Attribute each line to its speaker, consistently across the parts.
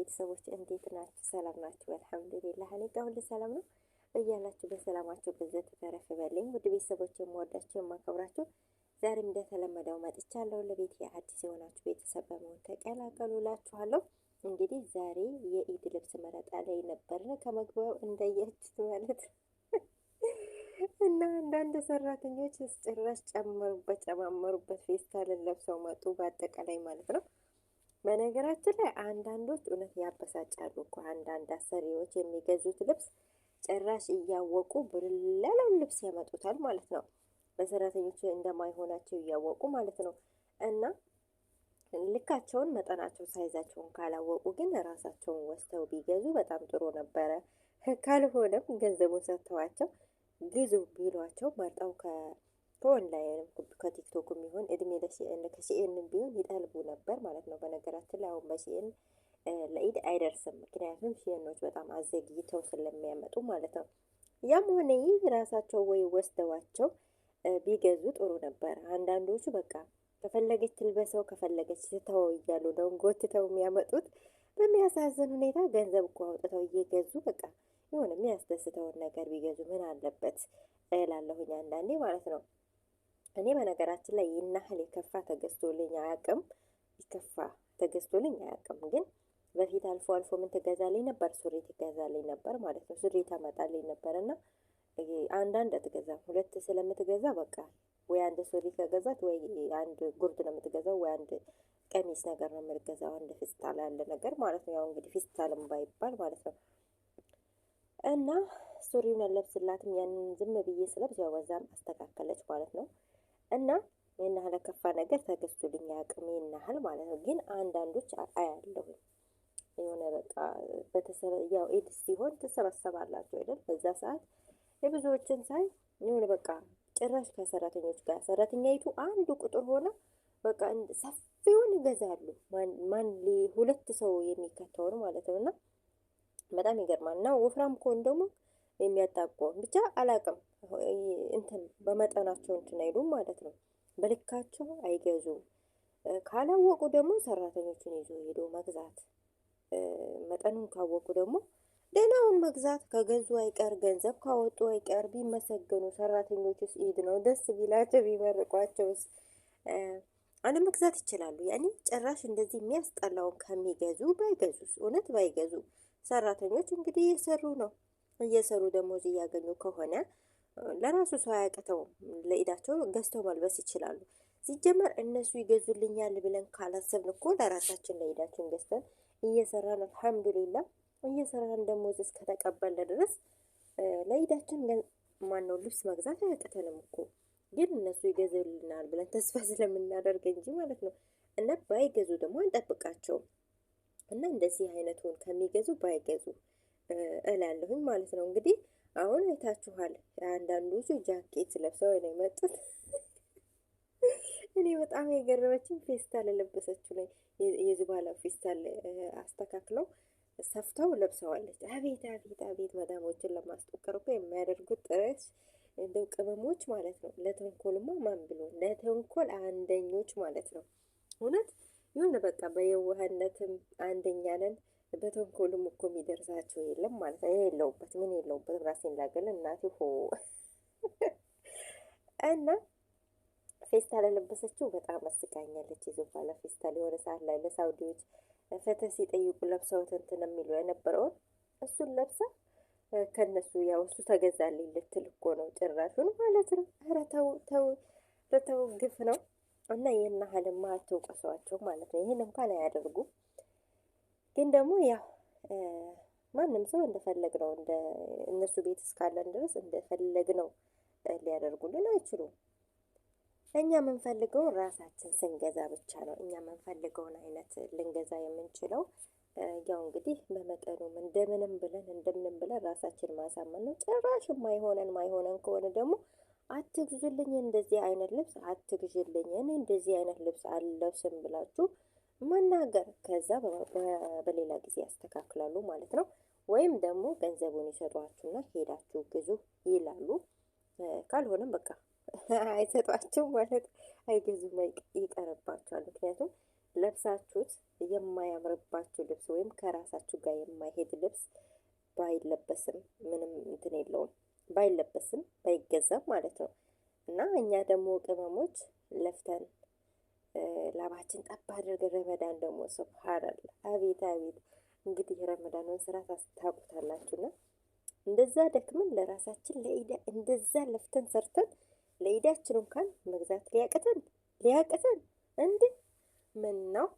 Speaker 1: ቤተሰቦች እንዴት ናችሁ? ሰላም ናችሁ? አልሐምዱሊላህ እኔ ጋር ሁሉ ሰላም ነው። በያላችሁ በሰላማችሁ ብዘት ተረፍ በልኝ። ውድ ቤተሰቦች የምወዳችሁ የማከብራችሁ፣ ዛሬም እንደተለመደው መጥቻለሁ። ለቤት የአዲስ የሆናችሁ ቤተሰብ በመሆን ተቀላቀሉ እላችኋለሁ። እንግዲህ ዛሬ የኢድ ልብስ መረጣ ላይ ነበርን ከመግቢያው እንዳያችሁት ማለት እና አንዳንድ ሰራተኞች ጭራሽ ጨመሩበት ጨማመሩበት ፌስታልን ለብሰው መጡ። በአጠቃላይ ማለት ነው በነገራችን ላይ አንዳንዶች እውነት ያበሳጫሉ እኮ አንዳንድ አሰሪዎች የሚገዙት ልብስ ጭራሽ እያወቁ ብለለው ልብስ ያመጡታል ማለት ነው። በሰራተኞች እንደማይሆናቸው እያወቁ ማለት ነው። እና ልካቸውን መጠናቸው ሳይዛቸውን ካላወቁ ግን ራሳቸውን ወስተው ቢገዙ በጣም ጥሩ ነበረ። ካልሆነም ገንዘቡን ሰጥተዋቸው ግዙ ቢሏቸው መርጠው በኦንላይንም ከቲክቶክም ይሁን እድሜ ከሲኤንም ቢሆን ይጠልቡ ነበር ማለት ነው። በነገራችን ላይ አሁን በሲኤን ለኢድ አይደርስም። ምክንያቱም ሲኤኖች በጣም አዘግይተው ስለሚያመጡ ማለት ነው። ያም ሆነ ይህ ራሳቸው ወይ ወስደዋቸው ቢገዙ ጥሩ ነበር። አንዳንዶቹ በቃ ከፈለገች ትልበሰው ከፈለገች ስተው እያሉ ነው ጎትተው የሚያመጡት። በሚያሳዝን ሁኔታ ገንዘብ እኮ አውጥተው እየገዙ በቃ የሆነ የሚያስደስተውን ነገር ቢገዙ ምን አለበት እላለሁኝ አንዳንዴ ማለት ነው። እኔ በነገራችን ላይ ይናህል የከፋ ተገዝቶልኝ አያውቅም። ይከፋ ተገዝቶልኝ አያውቅም። ግን በፊት አልፎ አልፎ ምን ትገዛልኝ ነበር? ሱሪ ትገዛልኝ ነበር ማለት ነው። ሱሪ ታመጣልኝ ነበር እና አንዳንድ አትገዛም። ሁለት ስለምትገዛ በቃ ወይ አንድ ሱሪ ከገዛት ወይ አንድ ጉርድ ነው የምትገዛው፣ ወይ አንድ ቀሚስ ነገር ነው የምትገዛው። አንድ ፊስታል ያለ ነገር ማለት ነው። ያው እንግዲህ ፊስታልም ባይባል ማለት ነው። እና ሱሪውን አለብስላትም ያንን ዝም ብዬ ስለብስ ያው በዛም አስተካከለች ማለት ነው። እና ይህን ያህል ከፋ ነገር ተገዝቶልኝ አያውቅም። ይህን ያህል ማለት ነው። ግን አንዳንዶች አያለሁ የሆነ በቃ በተሰበ ያው ኢድ ሲሆን ትሰበሰባላችሁ አይደል? በዛ ሰዓት የብዙዎችን ሳይ የሆነ በቃ ጭራሽ ከሰራተኞች ጋር ሰራተኛይቱ አንዱ ቁጥር ሆነ በቃ ሰፊውን ይገዛሉ። ማን ሁለት ሰው የሚከተውን ማለት ነው። እና በጣም ይገርማል። እና ወፍራም ከሆን ደግሞ የሚያጣቆ ብቻ አላውቅም። እንትን በመጠናቸው እንትን አይሉም ማለት ነው። በልካቸው አይገዙም። ካላወቁ ደግሞ ሰራተኞችን ይዞ ሄዶ መግዛት፣ መጠኑን ካወቁ ደግሞ ደህናውን መግዛት። ከገዙ አይቀር ገንዘብ ካወጡ አይቀር ቢመሰገኑ፣ ሰራተኞችስ ኢድ ነው ደስ ቢላቸው ቢመርቋቸውስ አለመግዛት ይችላሉ። ያኔ ጭራሽ እንደዚህ የሚያስጠላውን ከሚገዙ ባይገዙስ፣ እውነት ባይገዙ። ሰራተኞች እንግዲህ እየሰሩ ነው። እየሰሩ ደሞዝ እያገኙ ከሆነ ለራሱ ሰው አያቅተውም። ለኢዳቸው ገዝተው መልበስ ይችላሉ። ሲጀመር እነሱ ይገዙልኛል ብለን ካላሰብን እኮ ለራሳችን ለኢዳችን ገዝተን እየሰራን አልሐምዱሊላ እየሰራን ደሞዝ እስከተቀበለ ድረስ ለኢዳችን ማነው ልብስ መግዛት አያቅተንም እኮ ግን እነሱ ይገዙልናል ብለን ተስፋ ስለምናደርግ እንጂ ማለት ነው። እና ባይገዙ ደግሞ አንጠብቃቸውም። እና እንደዚህ አይነቱን ከሚገዙ ባይገዙ እላለሁኝ ማለት ነው እንግዲህ አሁን አይታችኋል። አንዳንዶቹ ጃኬት ለብሰው ነው የመጡት። እኔ በጣም የገረመችኝ ፌስታል ለለበሰችው ላይ የዝባላ ፌስታል አስተካክለው ሰፍተው ለብሰዋለች። አቤት አቤት አቤት! መዳሞችን ለማስጠቀር እኮ የሚያደርጉት ጥረት እንደው ቅመሞች ማለት ነው። ለተንኮልማ ማን ብሎ ለተንኮል አንደኞች ማለት ነው። እውነት ይሁን በቃ በየዋህነትም አንደኛ ነን። በተንኮልም እኮ የሚደርሳቸው የለም ማለት ነው። የለውበት ምን የለውበት ራሴን ላገል እናቴ ሆ እና ፌስታል ለለበሰችው በጣም አስቃኛለች። ይዞ ባለ ፌስታል የሆነ ሰዓት ላይ ለሳውዲዎች ፈተህ ሲጠይቁ ለብሰውት እንትን የሚሉ የነበረውን እሱን ለብሳ ከነሱ ያው እሱ ተገዛልኝ ልትል እኮ ነው ጭራሹን ማለት ነው። ኧረ ተው ተው ተው፣ ግፍ ነው እና ይህን ያህልማ አትውቀሷቸው ማለት ነው። ይህን እንኳን አያደርጉም። ግን ደግሞ ያው ማንም ሰው ነው እንደ እነሱ ቤት እስካለን ድረስ እንደፈለግነው ሊያደርጉልን አይችሉም። እኛ የምንፈልገው ራሳችን ስንገዛ ብቻ ነው። እኛ የምንፈልገውን አይነት ልንገዛ የምንችለው ያው እንግዲህ በመጠኑም እንደምንም ብለን እንደምንም ብለን ራሳችን ማሳመን ነው። ጭራሽ ማይሆነን ማይሆነን ከሆነ ደግሞ አትግዙልኝ፣ እንደዚህ አይነት ልብስ አትግዥልኝ እኔ እንደዚህ አይነት ልብስ አልለብስም ብላችሁ መናገር ከዛ በሌላ ጊዜ ያስተካክላሉ ማለት ነው። ወይም ደግሞ ገንዘቡን ይሰጧችሁና ሄዳችሁ ግዙ ይላሉ። ካልሆነም በቃ አይሰጧችሁ ማለት አይገዙም፣ ይቀርባቸዋል። ምክንያቱም ለብሳችሁት የማያምርባችሁ ልብስ ወይም ከራሳችሁ ጋር የማይሄድ ልብስ ባይለበስም ምንም እንትን የለውም፣ ባይለበስም ባይገዛም ማለት ነው። እና እኛ ደግሞ ቅመሞች ለፍተን ላባችን ጠብ አድርገን ረመዳን ደግሞ ሱብሃናላ አቤት አቤት። እንግዲህ የረመዳንን ስራ ታውቁታላችሁና እንደዛ ደክመን ለራሳችን ለኢዳ እንደዛ ለፍተን ሰርተን ለኢዳችን እንኳን መግዛት ሊያቅተን ሊያቅተን እንዴ ምን ነው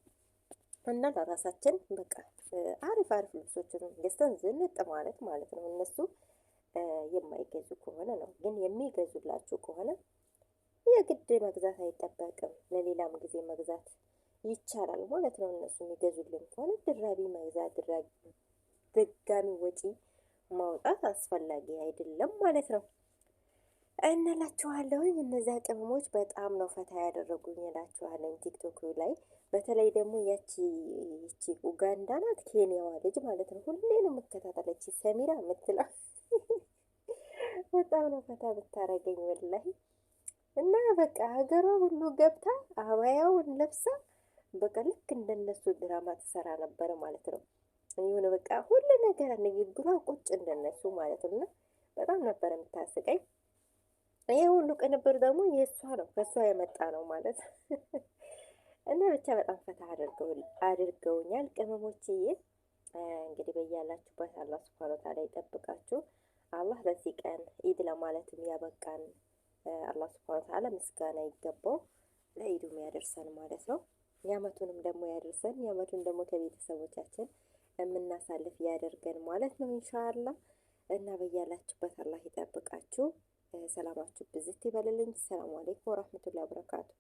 Speaker 1: እና ለራሳችን በቃ አሪፍ አሪፍ ልብሶችን ገዝተን ዝንጥ ማለት ማለት ነው። እነሱ የማይገዙ ከሆነ ነው፣ ግን የሚገዙላችሁ ከሆነ ውድ መግዛት አይጠበቅም። ለሌላም ጊዜ መግዛት ይቻላል ማለት ነው። እነሱ የሚገዙልን ከሆነ ድራቢ መግዛት ድጋሚ ወጪ ማውጣት አስፈላጊ አይደለም ማለት ነው። እንላችኋለሁ እነዛ ቅመሞች በጣም ነው ፈታ ያደረጉኝ እላችኋለሁ። ቲክቶክ ላይ በተለይ ደግሞ ያቺ ይቺ ኡጋንዳ ናት ኬንያዋ ልጅ ማለት ነው። ሁሌ ነው የምከታተለች ሰሚራ የምትለው በጣም ነው ፈታ ብታረገኝ ወላሂ እና በቃ ሀገሯ ሁሉ ገብታ አባያውን ለብሳ በቃ ልክ እንደነሱ ድራማ ትሰራ ነበረ ማለት ነው። የሆነ በቃ ሁሉ ነገር ንግግሯ ቁጭ እንደነሱ ማለት ነው። በጣም ነበረ የምታስቀኝ። ይህ ሁሉ ቅንብር ደግሞ የእሷ ነው ከእሷ የመጣ ነው ማለት እና ብቻ በጣም ፈታ አድርገውኛል ቅመሞችዬ። እንግዲህ በያላችሁበት አላህ ሱብሃነሁ ወተዓላ ይጠብቃችሁ። አላህ በዚህ ቀን ኢድ ለማለትም ያበቃን አላህ ስብሐነ ተዓላ ምስጋና ይገባው ለኢዱም ያደርሰን ማለት ነው። የአመቱንም ደግሞ ያደርሰን፣ የአመቱን ደግሞ ከቤተሰቦቻችን የምናሳልፍ ያደርገን ማለት ነው ኢንሻአላ እና በያላችሁበት አላህ ይጠብቃችሁ። ሰላማችሁ ብዝት ይበልልኝ። ሰላም አለይኩም ወራህመቱላሂ ወበረካቱ